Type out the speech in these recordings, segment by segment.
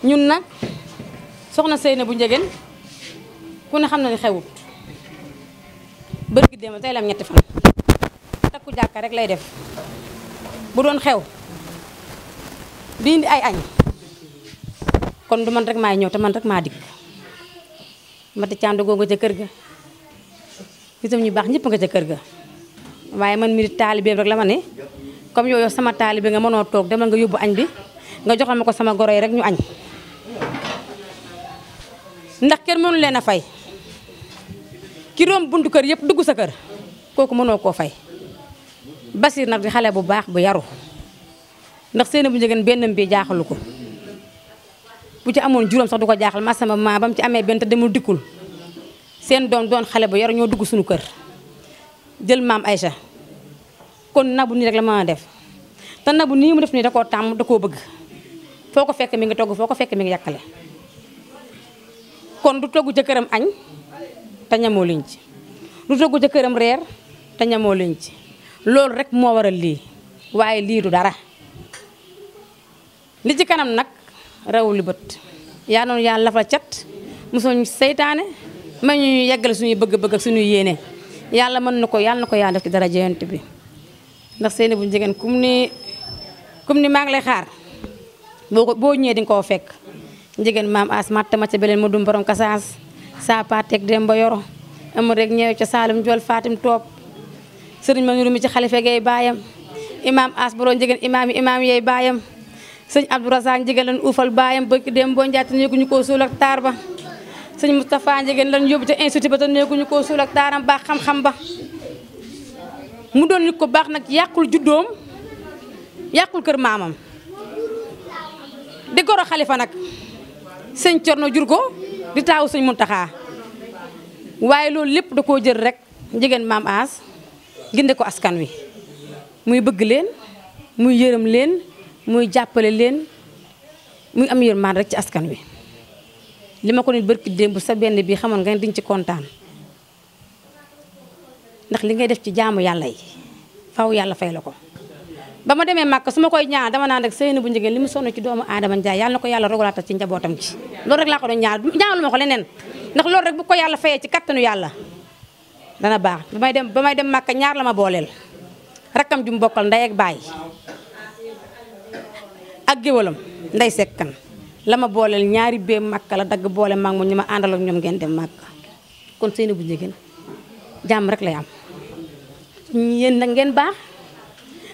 ñun nag soxna Seyna bu njegeen ku ne xam na ni xewut bërgi dem tey lam ñetti fan takku jàkka rek lay def bu doon xew di ay añ kon du man rek maay ñëw te man rek maa dikk mati càndugoo nga ca kër ga itam ñu baax ñëpp nga ca kër ga waaye man mi di taalibeem rek la ma ne comme yooyu sama taalibe nga mënoo toog demal nga yóbbu añ bi nga joxal ma ko sama goro yi rek ñu añ ndax kenn mënu leen a fay ki room buntu kër yëpp dugg sa kër kooku mënoo koo fay Basiir nag di xale bu baax bu yaru ndax seen bu njëgën benn bi jaaxalu ko bu ci amoon juróom sax du ko jaaxal ma sama maa ba mu ci amee benn te demul dikkul seen doom doon xale bu yaru ñoo dugg suñu kër jël maam Aïcha kon nabu nii rek la ma a def te nabu nii mu def nii da koo tàmm da koo bëgg foo ko fekk mi ngi togg foo ko fekk mi ngi yàqale kon du togg ca këram añ te ñamoo liñ ci du togg ca këram reer te ñamoo liñ ci loolu rek moo waral lii waaye lii du dara li ci kanam nag rawuli bët yaa noonu yàlla lafal cat mosul ñu seytaane ma ñu yeggale suñuy bëgg-bëgg suñuy yéene yàlla mën na ko yàlla na ko yaa def ci dara jeyante bi ndax seeni bu jigéen kum ni kum ni maa ngi xaar boo ko boo ñëwee di ko fekk jigéen maam as matt ma ca beleen ma dum borom kasaas saa paateeg dem ba yoro amul rek ñëw ca saalum jool fatim toob sëriñ ma nuru mi ci xalife gay baayam imaam as borom jigéen imaam yi imaam yey baayam sëñ Abdou Razak Njigéen lan uufal baayam bëgg dem boo njaate néeguñu koo suul ak taar ba sëñ Moustapha Njigéen lan yóbbu ca institut ba te néeguñu koo suul ak taaram baax xam-xam ba mu doon nit ko baax nag yàqul juddoom yàqul kër maamam di goro xalifa nag sëñ Corno jur ko di taawu sëñ Muntaxa waaye loolu lépp da koo jël rek njigéen maam aas ginde ko askan wi muy bëgg leen muy yërëm leen muy jàppale leen muy am yërmaan rek ci askan wi li ma ko nit bërki démb sa benn bii xamoon nga ne diñ ci kontaan ndax li ngay def ci jaamu yàlla yi faw yàlla fay la ko ba ma demee màkk su ma koy ñaar dama naan rek sëyna bu njëgee li mu sonn ci doomu aadama Njaay yàlla na ko yàlla rogalaata ci njabootam ci loolu rek laa ko doon ñaan ñaanul leneen ndax loolu rek bu ko yàlla fayee ci kattanu yàlla baax ba may dem ba may dem màkk ñaar la ma booleel rakkam ju mu bokkal ndey ak baay ak géwalam nday sekkan la ma booleel ñaari bee màkka la dagg boole maag moom ñu ma àndal ak ñoom ngeen dem màkka kon seen bu njëgën jàmm rek lay am yéen nag ngeen baax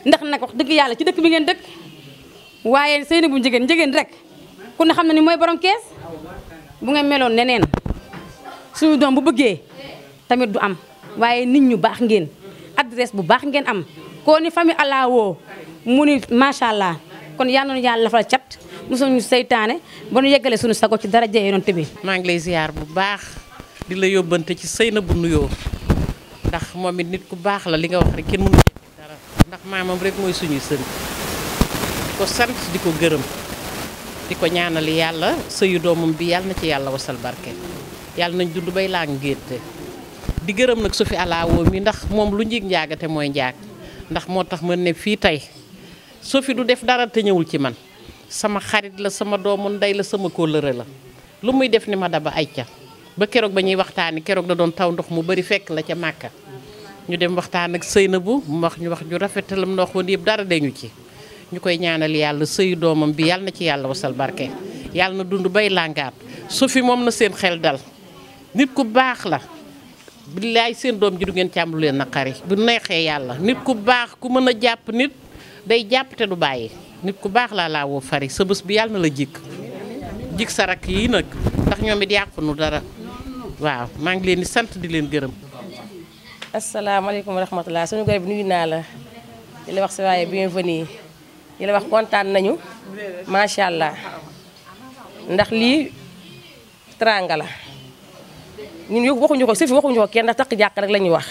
ndax nag wax dëgg yàlla ci dëkk bi ngeen dëkk waaye seen bu njëgën njëgën rek kon ne xam ne ni mooy borom kees bu ngeen meloon neneen suñu doom bu bëggee tamit du am waaye nit ñu baax ngeen adresse bu baax ngeen am koo ni famille alaawoo mu ni macha allah kon yal nañu yàlla lafal cat mosul ñu seytaane ba nu yeggalee suñu sago ci dara Yonent bi maa ngi lay ziar bu baax di la yóbbante ci sëy na bu nuyoo ndax moom it nit ku baax la li nga wax rek kenn mënu dara ndax maamam mooy suñuy sën di ko gërëm di ko ñaanal yàlla sëyu doomam bi yàlla na ci yàlla wasal barke yàlla nañ dund bay laa ngénte di gërëm nag su fi alaawoo mi ndax moom lu njig njaagate mooy njaag ndax moo tax mën ne fii tey Sophie du def dara te ñëwul ci man sama xarit la sama doomu ndey la sama kóllëre la lu muy def ni ma daba ay ca ba keroog ba ñuy waxtaani keroog la doon taw ndox mu bari fekk la ca màkka ñu dem waxtaan ak sëy na bu mu wax ñu wax ñu rafetalam ndox woon yëpp dara deñu ci ñu koy ñaanal yàlla sëyu doomam bi yàlla na ci yàlla wasal barke yàlla na dund bay làngaat fi moom na seen xel dal nit ku baax la billaay seen doom ji du ngeen ci lu leen naqari day jàpp te du bàyyi nit ku baax laa laawoo fari sa bés bi yàlla na la jikk jik sa rakk yii nag ndax ñoom it yàqunu dara waaw maa ngi leen di sant di leen gërëm. asalaamaaleykum wa rahmatulah suñu gërëm bi nuyu naa la di wax si waaye bienvenue di la wax kontaan nañu macha allah ndax lii teraanga la ñun yëpp waxuñu ko suuf waxuñu ko kenn ndax takku jàkka rek la ñuy wax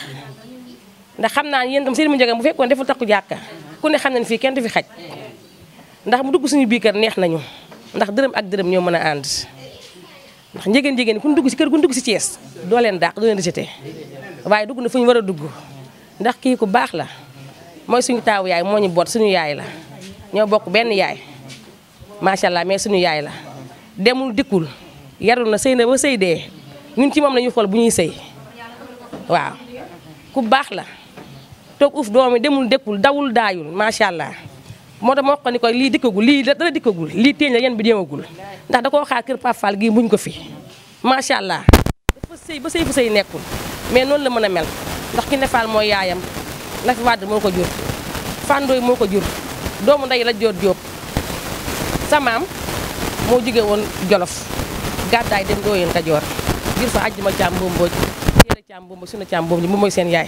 ndax xam naa ne yéen itam seen mu njëgam bu fekkoon deful takku jàkka. ku ne xam nañ fii kenn du fi xaj ndax mu dugg suñu bii kër neex nañu ndax dërëm ak dërëm ñoo mën a ànd ndax njegéen njegéen ku ñu dugg si kër ku ñu dugg si Thiès doo leen dàq doo leen rejeté waaye dugg na fu ñu war a dugg ndax kii ku baax la mooy suñu taawu yaay moo ñu bot suñu yaay la ñoo bokk benn yaay macha allah mais suñu yaay la demul dikkul yarul na sëy na ba sëy dee ñun ci moom la ñuy bu ñuy sëy waaw ku baax la toog uuf doomi demul déppul dawul daayul macha allah moo tax ma ko lii dikkagul lii dara dikkagul lii téeñ bi démagul ndax da koo xaar kër Pape gii muñ ko fi macha allah. sëy ba sëy fa sëy nekkul mais noonu la mën a mel ndax ki ne mooy yaayam la fi moo ko jur moo ko jur doomu ndey la joor jóob samaam moo jóge woon jolof gàddaay dem dooyeen Kajoor ngir fa àjjuma càmm boobu boobu teel a càmm boobu sunu càmm boobu moom mooy seen yaay.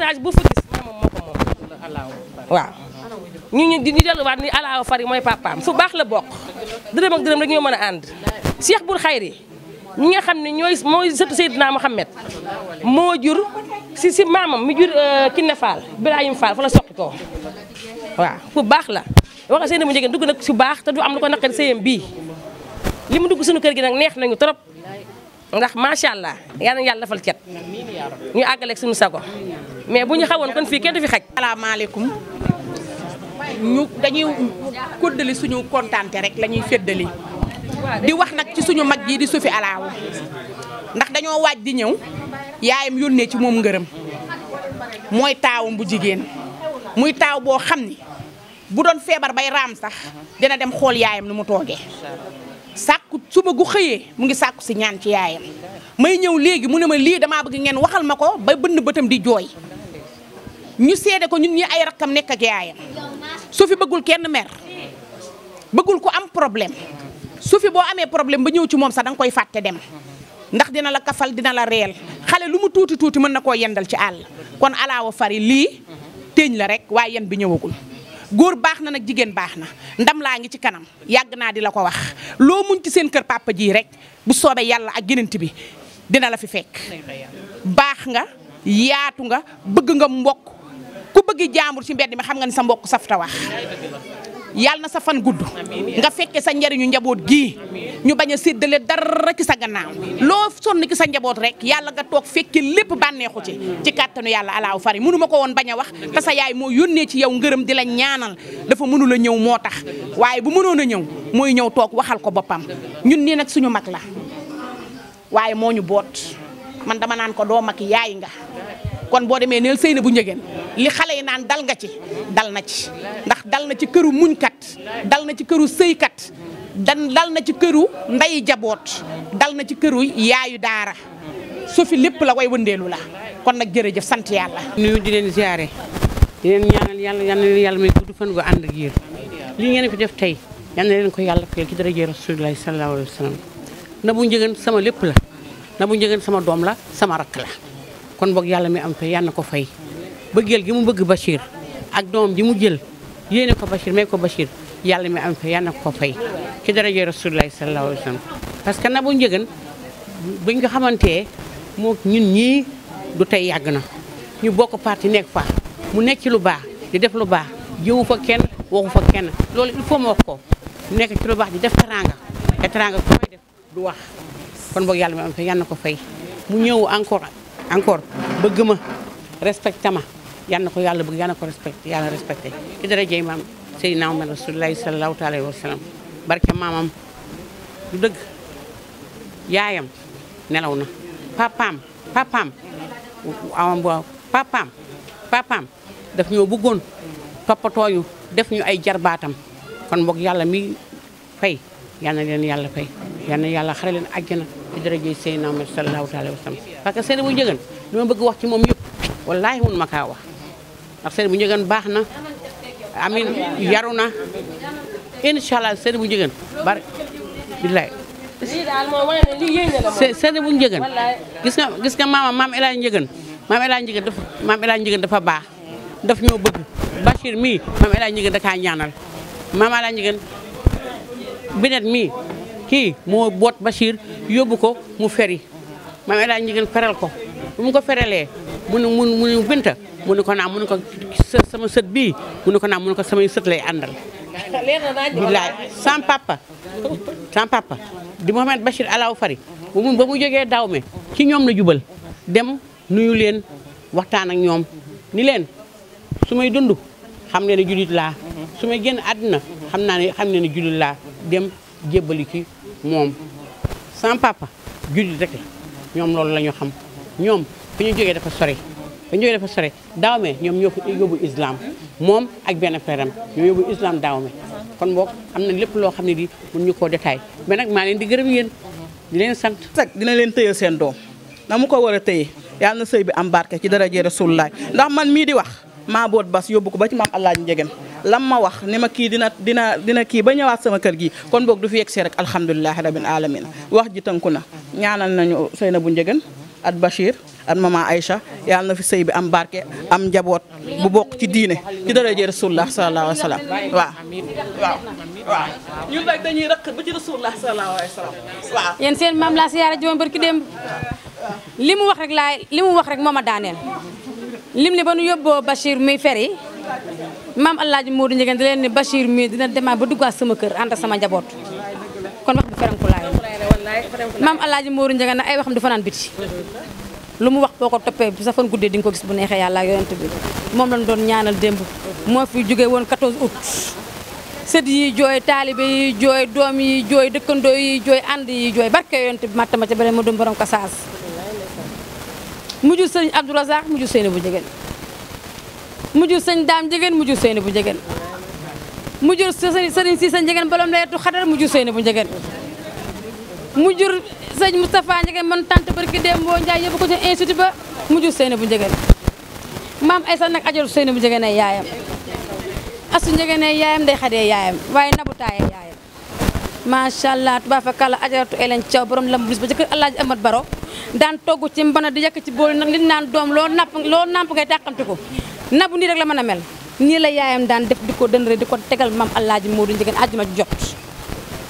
étage bu fa gis ñamam moo ko moom waaw ñu ñu ñu delluwaat ni alaawa fari mooy papaam fu baax la bokk dërëm ak dërëm rek ñoo mën a ànd Cheikh Bour Khayri ñi nga xam ne ñooy mooy sëtu Seydina Mohamed moo jur si si maamam mi jur euh, Kiné Fall Birahim Fall fa la soqi koo waaw fu baax la wax a seen mu njegéen dugg nag si baax te du am lu ko naqari sëyam bii li mu dugg suñu kër gi nag neex nañu trop ndax macha allah yal na yàlla defal cet ñu àggaleeg suñu sago mais bu ñu xawoon kon fii kenn du fi xaj. salaamaaleykum ñu dañuy koddali suñu kontante rek la ñuy féddali di wax nag ci suñu mag bii di suufi alaaw ndax dañoo waaj di ñëw yaayam yónnee ci moom ngërëm mooy taawam bu jigéen muy taaw boo xam ni bu doon feebar bay raam sax dina dem xool yaayam nu mu toogee. sàkku ma gu xëyee mu ngi sàkku si ñaan ci yaayam may ñëw léegi mu ne ma lii damaa bëgg ngeen waxal ma ko ba bënn bëtam di jooy ñu seede ko ñun ñi ay rakkam nekk ak yaayam su fi bëggul kenn mer bëggul ko am problème su fi boo amee problème ba ñëw ci moom sax danga koy fàtte dem ndax dina la kafal dina la reel xale lu mu tuuti tuuti mën na koo yendal ci àll kon alaawa fari lii téeñ la rek waaye yen bi ñëwagul góor baax na nag jigéen baax na ndam laa ngi ci kanam yàgg naa di la ko wax loo muñ ci seen kër papa ji rek bu soobee yàlla ak yenent bi dina la fi fekk baax nga yaatu nga bëgg nga mbokk ku bëgg jaambur ci mbedd mi xam nga ni sa mbokk safta wax yàlla na sa fan gudd nga fekke sa njariñu njaboot gii ñu bañ a séddale dara ci sa gannaaw loo sonn ci sa njaboot rek yàlla nga toog fekke lépp bànneexu ci ci kàttanu yàlla alaaw fari mënu ko woon bañ a wax te sa yaay moo yónnee ci yow ngërëm di la ñaanal dafa mënul a ñëw moo tax waaye bu mënoon a ñëw mooy ñëw toog waxal ko boppam ñun nii nag suñu mag la waaye moo ñu boot man dama naan ko doo mag yaay nga kon boo demee neel sëy na bu njëgeen li xale yi naan dal nga ci dal na ci ndax dal na ci këru muñkat dal na ci këru sëykat dan dal na ci këru nday jaboot dal na ci këru yaayu daara su fi lépp la way wëndeelu la kon nag jër jërëjëf sant yàlla. nuyu di leen ziare di leen ñaanal yàlla yal na leen yàlla may gudd fan bu ànd ak li ngeen fi def tey yal leen ko yàlla fayal ci daraja rasulilah sallallahu alayhi wa sallam na bu njëgeen sama lépp la na bu njëgeen sama doom la sama rakk la. kon boog yàlla mi am fay yàlla na ko fay bëggeel gi mu bëgg Bachir ak doom ji mu jël yéene ko Bachir may ko Bachir yàlla mi am fay yàlla na ko fay ci daraja Rasulullahi sallallahu alayhi wa sallam parce que nag bu buñ nga xamantee moo ñun ñii du tey yàgg na ñu bokk parti nekk fa mu nekk ci lu baax di def lu baax jëwu fa kenn waxu fa kenn loolu il faut ma wax ko nekk ci lu baax di def teranga te teranga ku koy def du wax kon boog yàlla mi am fay yàlla na ko fay mu ñëw encore encore bëgg ma respecté ma yal na ko yàlla bëgg yal na ko respecté yàlla respecté ci darajay maam Seydina Muhammad Rasulullah sallallahu alayhi wa sallam barke maamam du dëgg yaayam nelaw na papaam papaam awam bo papaam ñoo bëggoon toppatooñu def ñu ay jarbaatam kon boog yàlla mi fay yal na leen yàlla fay yal yàlla xare leen àjjana ci daraja Seydina Muhammad sallallahu alayhi wa sallam ma bëgg wax ci moom yëpp wallaahi mun ma kaa wax ndax Seynabou Ndiéguène baax na amin yaru na incha allah Seynabou Ndiéguène bari billaay lii daal moom wane gis nga gis nga maama maam El Hadj Ndiéguène maam El Hadj dafa baax daf ñoo bëgg Bachir mii maam El Hadj Ndiéguène ñaanal maam El Hadj binet mii kii moo boot Bachir yóbbu ko mu feri maam El Hadj Ndiéguène feral ko bu mu ko fereelee feralee mu ne mu ne Binta mu ne ko naa mun ne ko sama sët bii mu ne ko naa mun ne ko samay sët lay àndal. bilaay sans papa sans papa di Mohamed Bachir Alaw Fari bu mu ba mu jógee daw me ci ñoom la jubal dem nuyu leen waxtaan ak ñoom ni leen su may dund xam ne ne jullit laa su may génn àdduna xam naa ne xam ne ne jullit laa dem jébbali moom sama papa juddu rek ñoom loolu la ñu xam ñoom fi ñu jógee dafa sori fi ñu jógee dafa sori daawme ñoom ñoo ko yóbbu islam moom ak benn feeram ñoo yóbbu islam mi kon boog am na lépp loo xam ne di mun ñu koo détaillé mais nag maa leen di gërëm yéen di leen sant. sax dina leen tëyal seen doom na mu ko war a tëye yàlla na sëy bi am barke ci daraja Rasulullah ndax man mii di wax maa boot bas yóbbu ko ba ci maam Alaaji Njegen lam ma wax ne ma kii dina dina kii ba ñëwaat sama kër gi kon boog du fi yegsee rek alhamdulilahi rabbil alamin wax ji tënku na ñaanal nañu Seynabou Ndiéguène at Bachir at maman Aïcha yàlla na fi say bi am barke am njaboot bu bokk ci diine ci daraja rasulullah sallallahu alayhi wa sallam waaw waaw seen maam laa siyaara joon barki démb li mu wax rek laa li ma daaneel lim li ba nu yóbboo Bachir muy feri maam Alaaji Modou Ndiéguène da leen ne Bachir mii dina demaat ba duggaat sama kër ànd ak sama njaboot kon wax bi ferenkulaay maam Alaaji Modou Ndiéguène nag ay waxam du fanaan biti lu mu wax boo ko toppee sa fan guddee di ko gis bu neexee yàlla yonent bi moom lañ doon ñaanal démb moo fi jóge woon 14 août sët yi jooy taalibe yi jooy doom yi jooy dëkkandoo yi jooy ànd yi jooy barke yonent bi mattama ca beneen ma doon borom kasaas mujj sëñ Abdou Razak mujj sëñ bu Ndiéguène mu jur sëñ daam jegeen mu jur bu jegeen mu jur sëriñ si sa njegeen balom layatu xadar mu jur sëñ bu njegeen mu jur sëñ Moustapha njegeen man tante barki dem boo Njaay yóbbu ko ci ba mu jur bu njegeen maam ay sax nag ajol sëñ bu njegeen ay yaayam asu njegeen ay yaayam day xadee yaayam waaye nabu taayee yaayam macha allah tubaab fa kàlla ajaratu Elen Thiaw borom lamb bis ba jëkkër Alaaji Amat Baro daan togg ci mbana di yekk ci bool nag li naan doom loo napp loo napp ngay tàqamti ko nabu nii rek la mën a mel nii la yaayam daan def di ko dëndre di ko tegal maam Alaaji Moodu Njëgeen àjjuma jot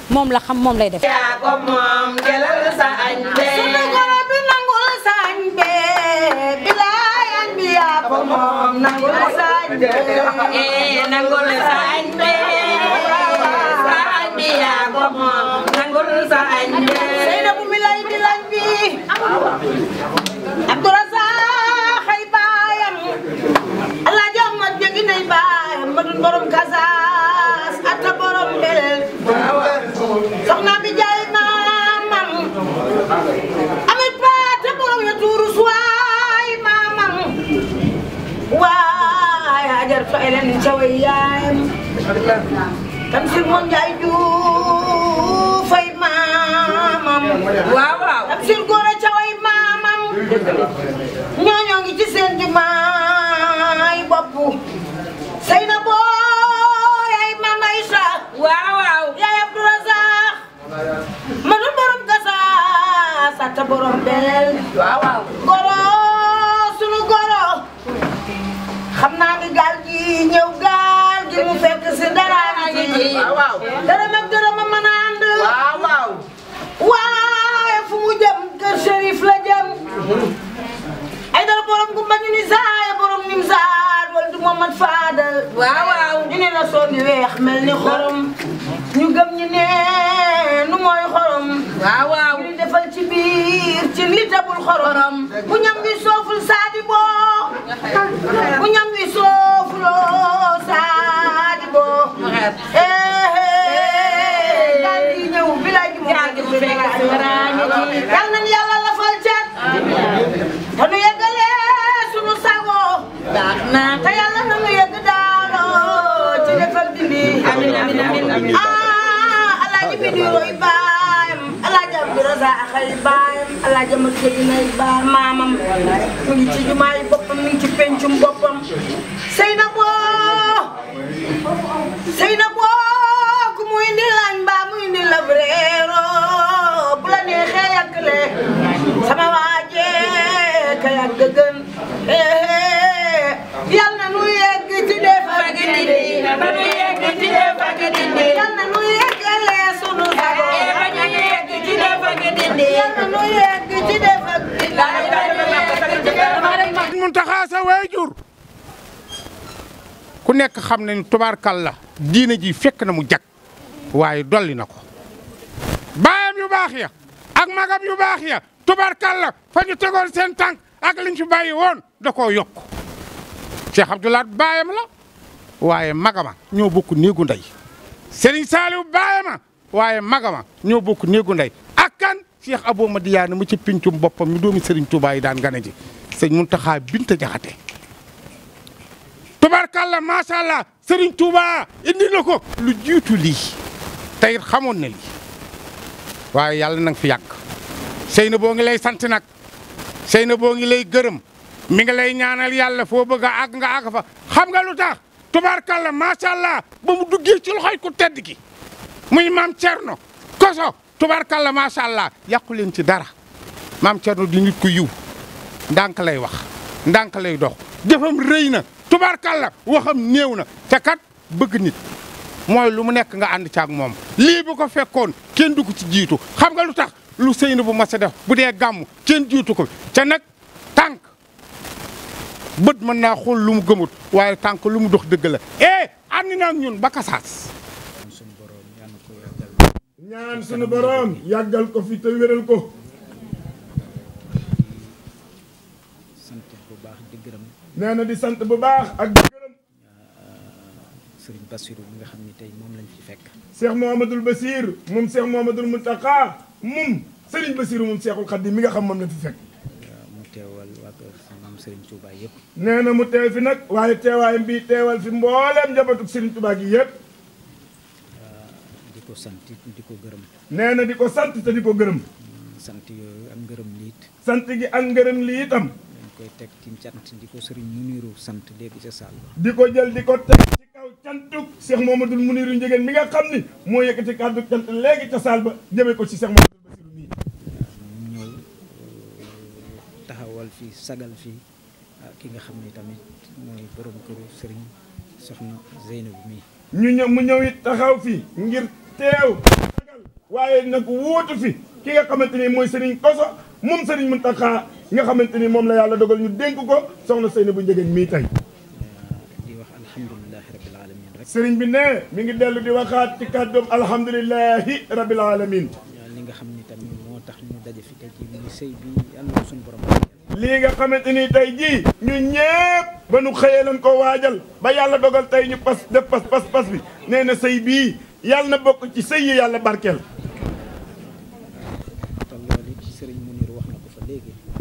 moom la xam moom lay def. xam naa ni gaal gi ñëw gaal gi mu fekk si dara gi waaw dara dara ma mën a ànd waaw waaw waaye fu mu jëm kër Chérif la jëm ay dara borom gumba ñu ni saaya borom nim saar wala du Mohamad Fadal waaw waaw ñu ne la soo weex mel ni xorom ñu gëm ñu ne nu mooy xorom waaw waaw ñu defal ci biir ci li tabul xorom bu ñam bi sooful saadi boo Unyamdi sofro sadibo. Eh, eh, eh. daal di ñëw village bi mu fekk yal nañu yàlla lafal cat. te nu yeggalee sunu sago. baax na te yàlla na nu yegg daaloo ci defal bi. amiin amiin amiin ah Alaaji bi nuyu roy baax. Moussa ak ay baayam El Hadj Amadou mu ngi ci jumaayu mu ngi ci bu la neexee yàgg sama waajee ka yàgg gën nu yegg ci dee fàgg dee mun taxaa sa waajur ku nekk xam ne tubaarkal la diina ji fekk na mu jag waaye dolli na ko baayam yu baax ya ak magam yu baax ya tubaarkal la fa ñu tegoon seen tànk ak liñ fi bàyyi woon da koo yokk Cheikh Abdoulaat baayam la waaye magama ñoo bokk néegu ndey Serigne Saliou baayama waaye magama ñoo bokk néegu ndey Cheikh Abou Madiane mu ci pincum boppam ñu doomi Serigne Touba yi daan gane ji sëñ Mountakha Binta Jaxate tubarkalla macha allah Serigne Touba indi na ko lu jiitu lii tey xamoon na lii waaye yàlla na nga fi yàgg sëy na boo ngi lay sant nag sëy na boo ngi lay gërëm mi ngi lay ñaanal yàlla foo bëgg a àgg nga àgg fa xam nga lu tax tubarkalla macha ba mu duggee ci loxoy ku tedd ki muy maam Cerno koso tubarkalla macha allah yàqu leen ci dara maam Thierno di nit ku yiw ndànk lay wax ndànk lay dox jëfam rëy na tubarkalla waxam néew na te kat bëgg nit mooy lu mu nekk nga ànd caag moom. lii bu ko fekkoon kenn du ko ci jiitu xam nga lu tax lu sëy na bu ma a def bu dee gàmm kenn jiitu ko ca nag tànk bët mën naa xool lu mu gëmut waaye tànk lu mu dox dëgg la eh ànd na ak ñun ba kasaas. ñaan sunu boroom yàggal ko fi te wéral ko. sant bu baax di gërëm. nee na di sant bu baax ak di gërëm. sëriñ Bassirou mi nga xam ni tey moom lañu fi fekk. seex Muhammadul Bassir moom seex Muhammadul Muntaqa moom sëriñ Bassirou moom seexul Xaddim mi nga xam moom lañ fi fekk. mu teewal waa kër maam sëriñ Touba yëpp. nee na mu teew fi nag waaye teewaayam bi teewal fi mboolem njabootu sëriñ Touba gi yëpp. ko sant di ko gërëm. nee na di ko sant te di ko gërëm. sant yooyu ak ngërëm li sant gi ak ngërëm li itam. dañ koy teg ci cant di ko sëriñ Muniru sant léegi ca saal ba. di ko jël di ko teg ci kaw cantuk Cheikh Mamadou Muniru Njëgeen mi nga xam ni moo yëkkati kàddu cant léegi ca saal ba jëmee ko ci Cheikh Mamadou a nii. waaw ñëw euh, taxawal fii sagal fii ah, ki nga xam tamit mooy borom këru sëriñ mu ñëw taxaw fii ngir teew waaye nag wóotu fi ki nga xamante ni mooy sëriñ Koso moom sëriñ Mountakha nga xamante ni moom la yàlla dogal ñu dénk ko soxna Seynabou Ndiéguène mii tey. di wax alhamdulilah rabil aalamiin rek. sëriñ bi ne mi ngi dellu di waxaat ci kàddoom alhamdulilahi rabil aalamiin. li nga xam ni tamit moo tax ñu daje fi tey jii muy sëy bi yàlla na suñu ni tey ñu ñépp ba nu xëyee lañ ko waajal ba yàlla dogal tey ñu pas def pas pas pas bi nee na sëy bii. yàlla na bokk ci sëy yi yàlla barkeel.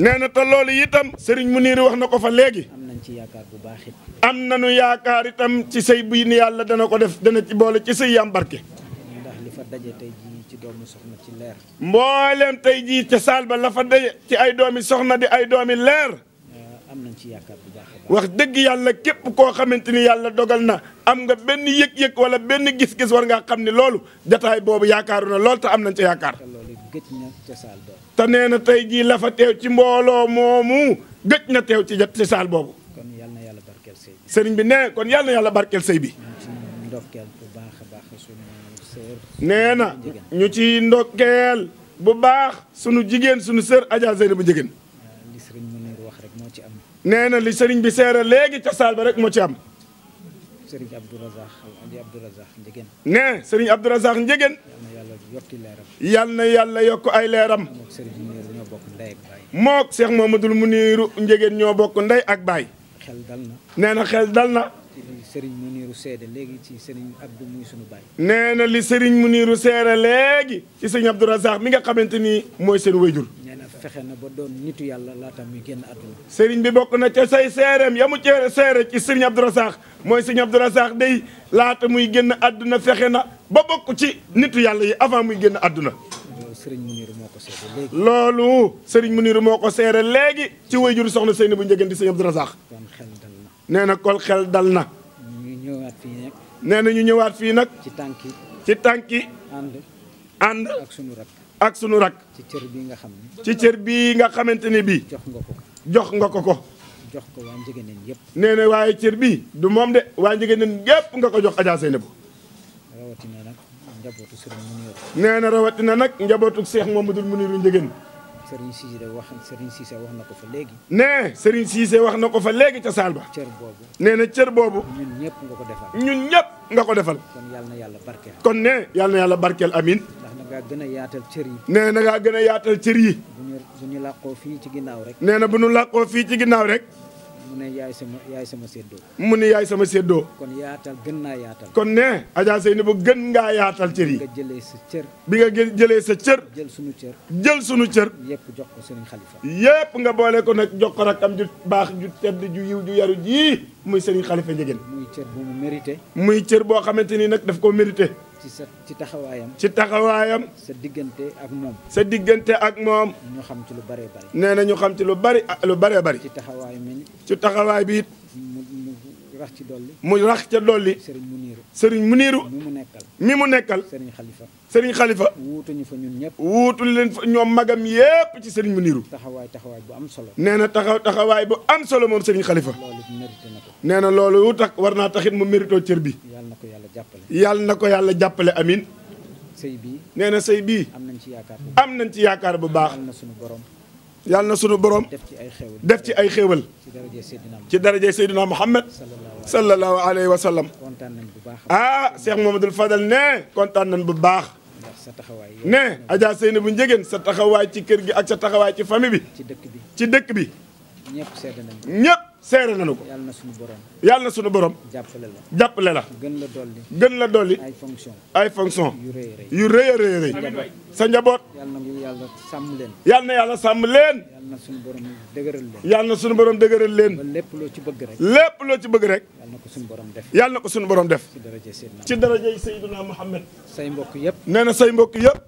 nee na te loolu itam Serigne Mounir wax na ko fa léegi. am nañ ci yaakaar bu baax it. am nañu yaakaar itam ci sëy bu yàlla dana ko def dana ci boole ci sëy yam barke. li fa daje tey jii ci doomi soxna ci leer. mbooleem tey jii ca saal ba la fa daje ci ay doomi soxna di ay doomi leer. am nañ ci yaakaar wax dëgg yàlla képp koo xamante ni yàlla dogal na am nga benn yëg-yëg wala benn gis-gis war ngaa xam ni loolu jataay boobu yaakaaru na lool te am nañ ci yaakaar. te nee na tey jii la teew ci mbooloo moomu gëj na teew ci jot saal boobu. yàlla na sëriñ bi ne kon yàlla na yàlla barkeel sëy bi. nee na ñu ci ndokkeel bu baax sunu jigéen sunu sër Adja Zeynab bu jigéen. sëriñ Mounir wax rek moo ci am. nee na li seriñ bi seere léegi ca saal ba rek moo ci am. sëriñ Abdou Razak Abdou Razak Njegen. nee sëriñ Abdou Razak Njegen. yal na yàlla yokk ay leeram. mook sëriñ Mounir ñoo bokk ndey ak baay. mook Cheikh Mamadou ñoo bokk ndey ak baay. xel dal na. nee na xel dal na. li sëriñ Mouniru seede léegi ci sëriñ Abdou muy sunu nee na li sëriñ Mouniru seere léegi ci sëriñ Abdou Razak mi nga xamante ni mooy seen wéjur. fexe na ba doon nitu yàlla laata muy génn àdduna sëriñ bi bokk na ca say seereem ya mu cee seere ci sëriñ Abdou Rassakh mooy sëriñ Abdou Rassakh laata muy génn àdduna fexe na ba bokk ci nitu yàlla yi avant muy génn àdduna sëriñ Muniru moo ko loolu sëriñ Muniru moo ko seere léegi ci wayjur soxna Seyni bu njëgën di sëriñ Abdou Rassakh kon xel dal na nee dal na ñu ñëwaat fii nag nee na ñëwaat fii nag ci tànki ci tànki ànd ànd ak ak sunu rak. ci cër bii nga xam ne. ci cër bii nga xamante ne bii. jox nga ko jox nga ko ko. jox ko waa Njëgëneen yëpp. nee na waaye cër bii du moom de waa Njëgëneen yëpp nga ko jox Adja Seynabou. rawatina nag njabootu Serigne Mounirou. nee na rawatina nag njabootu Cheikh Mamadou Mounirou Njëgën. Serigne Cissé wax Serigne Cissé wax na ko fa léegi. nee Serigne Cissé wax na ko fa léegi ca Saalba. cër boobu nee na cër boobu. ñun ñëpp nga ko defal. ñun ñëpp nga ko defal. kon yàlla na yàlla barkeel. kon nee yàlla barkeel amiin. ngaa gën a yaatal yi. nee na ngaa gën a yaatal cër yi. bu ñu bu ñu làqoo fii ci ginnaaw rek. nee na bu ñu làqoo fii ci ginnaaw rek. mu ne yaay sama yaay sama séddoo. mu ne yaay sama séddoo. kon yaatal gën naa yaatal. kon nee. Adja Seyni bu gën ngaa yaatal cër yi. bi nga jëlee sa cër. bi nga jëlee sa cër. jël sunu cër. jël sunu cër. yëpp jox ko Serigne Khalifa. yëpp nga boole ko nag jox ko nag am ju baax ju tedd ju yiw ju yaru ji muy Serigne Khalifa Ndiéguène. muy cër bu mu mérité. muy cër boo xamante ni nag daf ko mérité. ci sa ci taxawaayam. ci taxawaayam. sa diggante ak moom. sa diggante ak moom. ñu xam ci lu bëree nee na ñu xam ci lu bëri ah, lu bëree bëri. ci taxawaay mi. ci taxawaay bi it. rax ci dolli. mu rax ca dolli. Serigne Muniru. Serigne Muniru. mi mu nekkal. mi mu nekkal. Serigne xalifa Serigne Khalifa. wuutuñu fa ñun ñëpp. wuutu leen fa ñoom magam yépp ci Serigne Muniru. taxawaay taxawaay bu am solo. nee na taxaw taxawaay bu am solo moom Serigne Khalifa. loolu mérité na ko. nee na loolu tax war naa taxit mu mérito cër bi. yàlla na ko yàlla jàppale amin sëy bii nee na sëy bii am nañ ci yaakaar am nañ ci yaakaar bu baax yàlla na sunu borom yàlla na sunu borom def ci ay xéewal def ci ay xéewal ci daraje Seydina Muhammad sallallahu alayhi wa sallam kontaan nañ bu baax ah Cheikh Mamadou Fadal ne kontaan nañ bu baax sa taxawaay ne Adja Seyna bu njëgeen sa taxawaay ci kër gi ak sa taxawaay ci famille bi ci dëkk bi ci dëkk bi ñëpp sedd nañ ñëpp seere nañu ko. yàlla na suñu borom. yàlla na suñu borom. jàppale la la. gën la dolli. gën la dolli. ay fonction ay fonction yu rëy a rëy rëy. sa njaboot. yàlla na yàlla sàmm leen. yàlla na yàlla sàmm leen. yàlla na suñu borom dëgëral leen. yàlla na suñu borom leen. ba lépp loo ci bëgg rek. lépp loo ci bëgg rek. yàlla na ko suñu borom def. yàlla na ko suñu borom def. ci daraja Seydina ci daraja Seydina Muhammad. say mbokk yëpp. nee na say mbokk yëpp.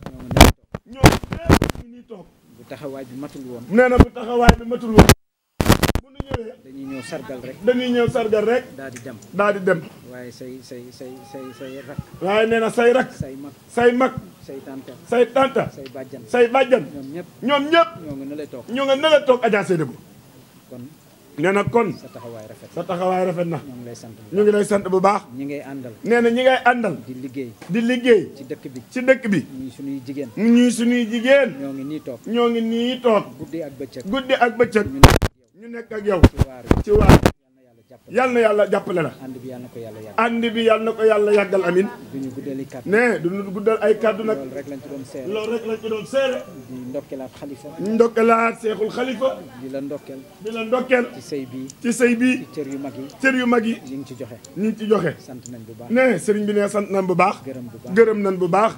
ñoom ñëpp ñu toog. bu taxawaay bu taxawaay bi matul woon bu nu dañuy ñëw sargal rek dañuy ñëw sargal rek daal di dem daal di dem waaye say say say say say nee na say rak say mag say mag say tanta say tanta say bàjjan say bàjjan ñoom ñëpp ñoom ñëpp ñoo nga nële toog ñoo nga nële toog Adja Seydou kon nee na kon sa taxawaay rafet sa taxawaay rafet na ñu ngi lay sant ñu ngi lay sant bu baax ñi ngay àndal nee na ñi ngay àndal liggéey di liggéey ci dëkk bi ci dëkk bi suñuy jigéen ñuy suñuy jigéen ñoo ngi nii toog ñoo ngi nii toog guddi ak bëccëg guddi ak bëccëg ñu nekk ak yow ci waar yal na yàlla jàppale la ànd bi yal na ko yàlla yàggal amin ne du ñu guddal ay kàddu nag loolu rek lañ ci doon seere di ndokkelaat xalifa ndokkelaat seexul xalifa di la ndokkeel di la ndokkeel ci sey bi ci sëy bi cër yu mag yi cër yu mag yi ñu ngi ci joxe ñu ci joxe sant nañ bu baax ne sëriñ bi ne sant nañ bu baax gërëm nañ bu baax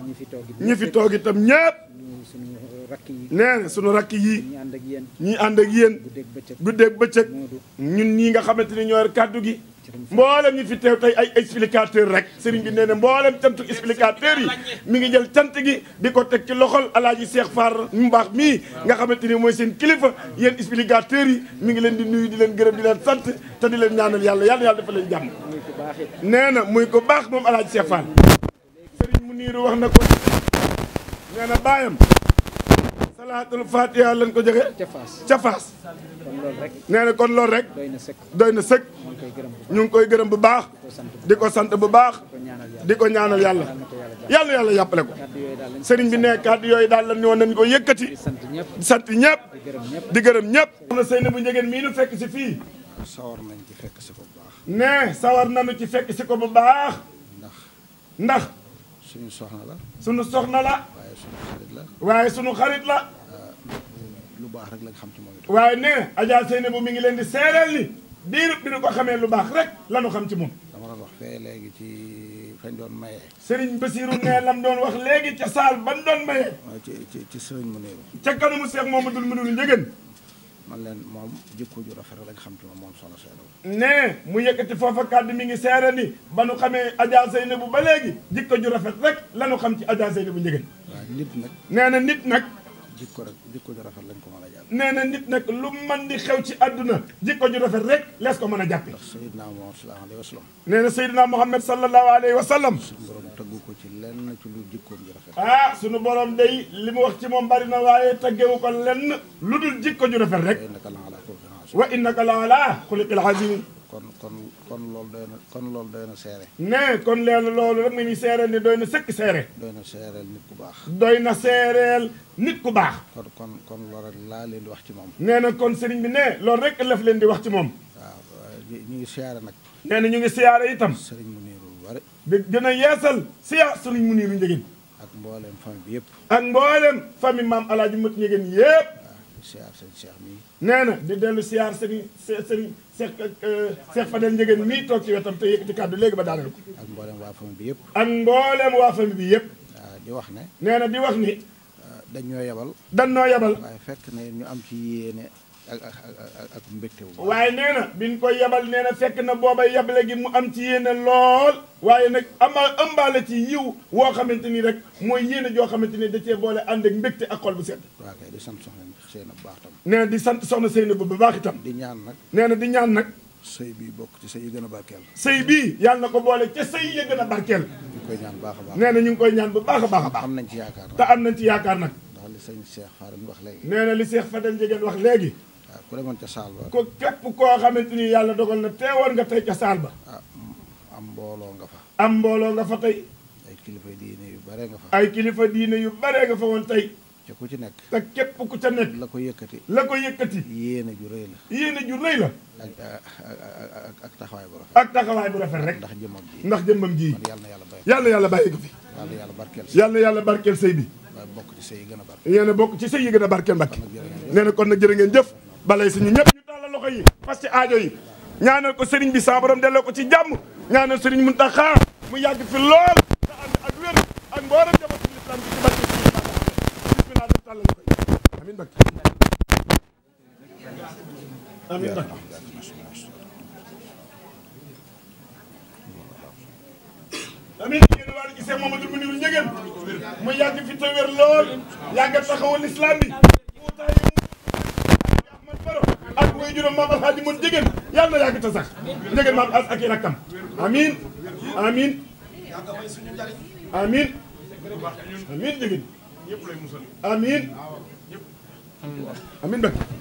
ñi fi toog itam ñépp nee na sunu rakk yi ñi ànd ak yéen ñii ànd ak yéen guddeeg bëccëg ñun ñii nga xamante ni ñoo kàddu gi mboolem ñu fi teew tey ay explicateur rek sëriñ bi nee na mboolem cantu explicateur yi mi ngi jël cant gi di ko teg ci loxol alaaji Seex Faar mu baax mii nga xamante ni mooy seen kilifa yéen explicateur yi mi ngi leen di nuyu di leen gërëm di leen sant te di leen ñaanal yàlla yàlla yàlla dafa leen jàmm nee na muy ko baax moom alaaji Seex Faar sëriñ mu niiru wax na ko nee baayam salaatul fatiha lañ ko joxe. ca Faas na kon loolu rek. doy na sëkk doy na sëkk. ñu ngi koy gërëm bu baax. di ko sant bu baax. di ko ñaanal yàlla. yàlla yàlla yàppale ko. sëriñ bi ne kàddu yooyu daal lañ ñëwoon nañ ko yëkkati. di sant ñëpp di sant ñëpp. di gërëm ñëpp. am na sëñ bu njëgeen mii nu fekk si fii. sawar na ci fekk si ko bu baax. nee sawar ci fekk si ko bu baax. ndax ndax. suñu soxna la. suñu soxna la. waaye suñu xarit xarit la. baax rek lañ xam ci moom itam. waaye nee Adja Seynabou mi ngi leen di seereel ni diirub bi ko xamee lu baax rek lanu xam ci moom. dama doon wax léegi ci fañ doon maye. Serigne Bassirou nee lam doon wax léegi ca saal ban doon maye. ci ci ci sëriñ mu néew. ca kanamu Seex Mamadul Munul Njëgën. man leen moom jikko ju rafet lañ xam ti moom moom soxna Seynabou. nee mu yëkkati foofa kàddu mi ngi seere ni ba nu xamee Adja Seynabou ba léegi jikko ju rafet rek lañu xam ci Adja Seynabou Njëgën. waaw nit nag. nee na nag. jikko rek jikko ju rafet lañ ko mën a jàpp nee na nit nag lu man di xew ci àdduna jikko ju rafet rek lees ko mën a jàppe ndax Seydina Muhammad sallallahu alayhi wa sallam nee na Seydina Muhammad sallallahu alayhi wa sallam suñu borom taggu ko ci lenn ci lu jikkoom ju rafet ah suñu borom day li mu wax ci moom bari na waaye taggewu ko lenn lu dul jikko ju rafet rek wa innaka la ala xuluqil azim kon kon kon loolu doy na kon loolu doy na seere ne kon leena loolu rek nañuy seereel ne doy na sëkk seere doy na seereel nit ku baax doy na seereel nit ku baax kon kon kon loolu laa leen di wax ci moom nee na kon sëriñ bi ne lool rek laf leen di wax ci moom waaw ñu ngi siyaare nag nee na ñu ngi siyaare tam sëriñ mu niirul bari di gën a yeesal siya sëriñ mu niiru njëgin ak mboolem famille bi yëpp ak mboolem famille maam alaaji mët njëgin yëpp siyaar sëñ Cheikh mii. nee na di dellu siyaar sëñ sëñ Cheikh euh, Cheikh Fadel Ndiéguène mii toog ci wetam te yëkkati kàddu léegi ba daaneel ko. ak mboolem waa bi yëpp. ak mboolem waa bi yëpp. Ah, di wax ne. nee na di wax ni. Ah, dañ ñoo yabal. dañ ñoo yabal. waaye fekk na ñu am ci yéene. ak ak ak ak waaye nee na bi ñu koy yabal nee na fekk na booba yabale gi mu am ci yéene lool waaye nag ama ëmbaale ci yiw woo xamante ni rek mooy yéene joo xamante ni da cee boole ànd ak mbégte ak xol bu sedd. waaw kay di sant soxna Seyna bu baax tam. na di sant soxna Seyna bu baax tam di ñaan nag nee na di ñaan nag. sëy bii bokk ci sëy yi gën a barkeel. say bii yaan na ko boole ca sëy yi gën a barkeel. ñu ngi koy ñaan baax nee na ñu ngi koy ñaan bu baax baax am nañ ci yaakaar nag te am ci yaakaar nag. ndax li sëñ Cheikh Fadel wax léegi. nee na li Cheikh Fadel Ndiéguène wax léegi. waaw ku demoon ca saal ba. ko képp koo xamante ni yàlla dogal na teewoon nga tey ca saal ba. Ah, mm, am mbooloo nga fa. am mbooloo nga fa tey. ay kilifa diine yu bare nga fa. ay kilifa diine yu bare nga fa woon tey. te ci nekk. te képp ku ca nekk. la ko yëkkati. la ko yëkkati. yéene ju rëy la. yéene ju rëy la. ak ak ak taxawaay bu rafet. ak taxawaay bu rafet rek. ndax jëmmam ji ji. yàlla na yàlla bàyyi yàlla yàlla bàyyi ko fi. yàlla yàlla barkeel sëy yàlla yàlla barkeel sëy bi. bokk ci sëy yi gën a barkeel. nee na bokk ci sëy yi a barkeel mbàkk. nee na kon nag jëf. balay si ñu ñëpp ñu tàllal loxo yi parce que aajo yi ñaanal ko sëriñ bi sa borom delloo ko ci jàmm ñaanal sëriñ Muntaxa mu fi lool te ànd ak wér bi ci barke mu yàgg fi te wér lool yàgg taxawal lislaam way juróom maam alxaaji mun jigéen yàlla na yàgg ta sax njegéen maam as ak i rakkam amin amin amin amin jigéen amin amin ba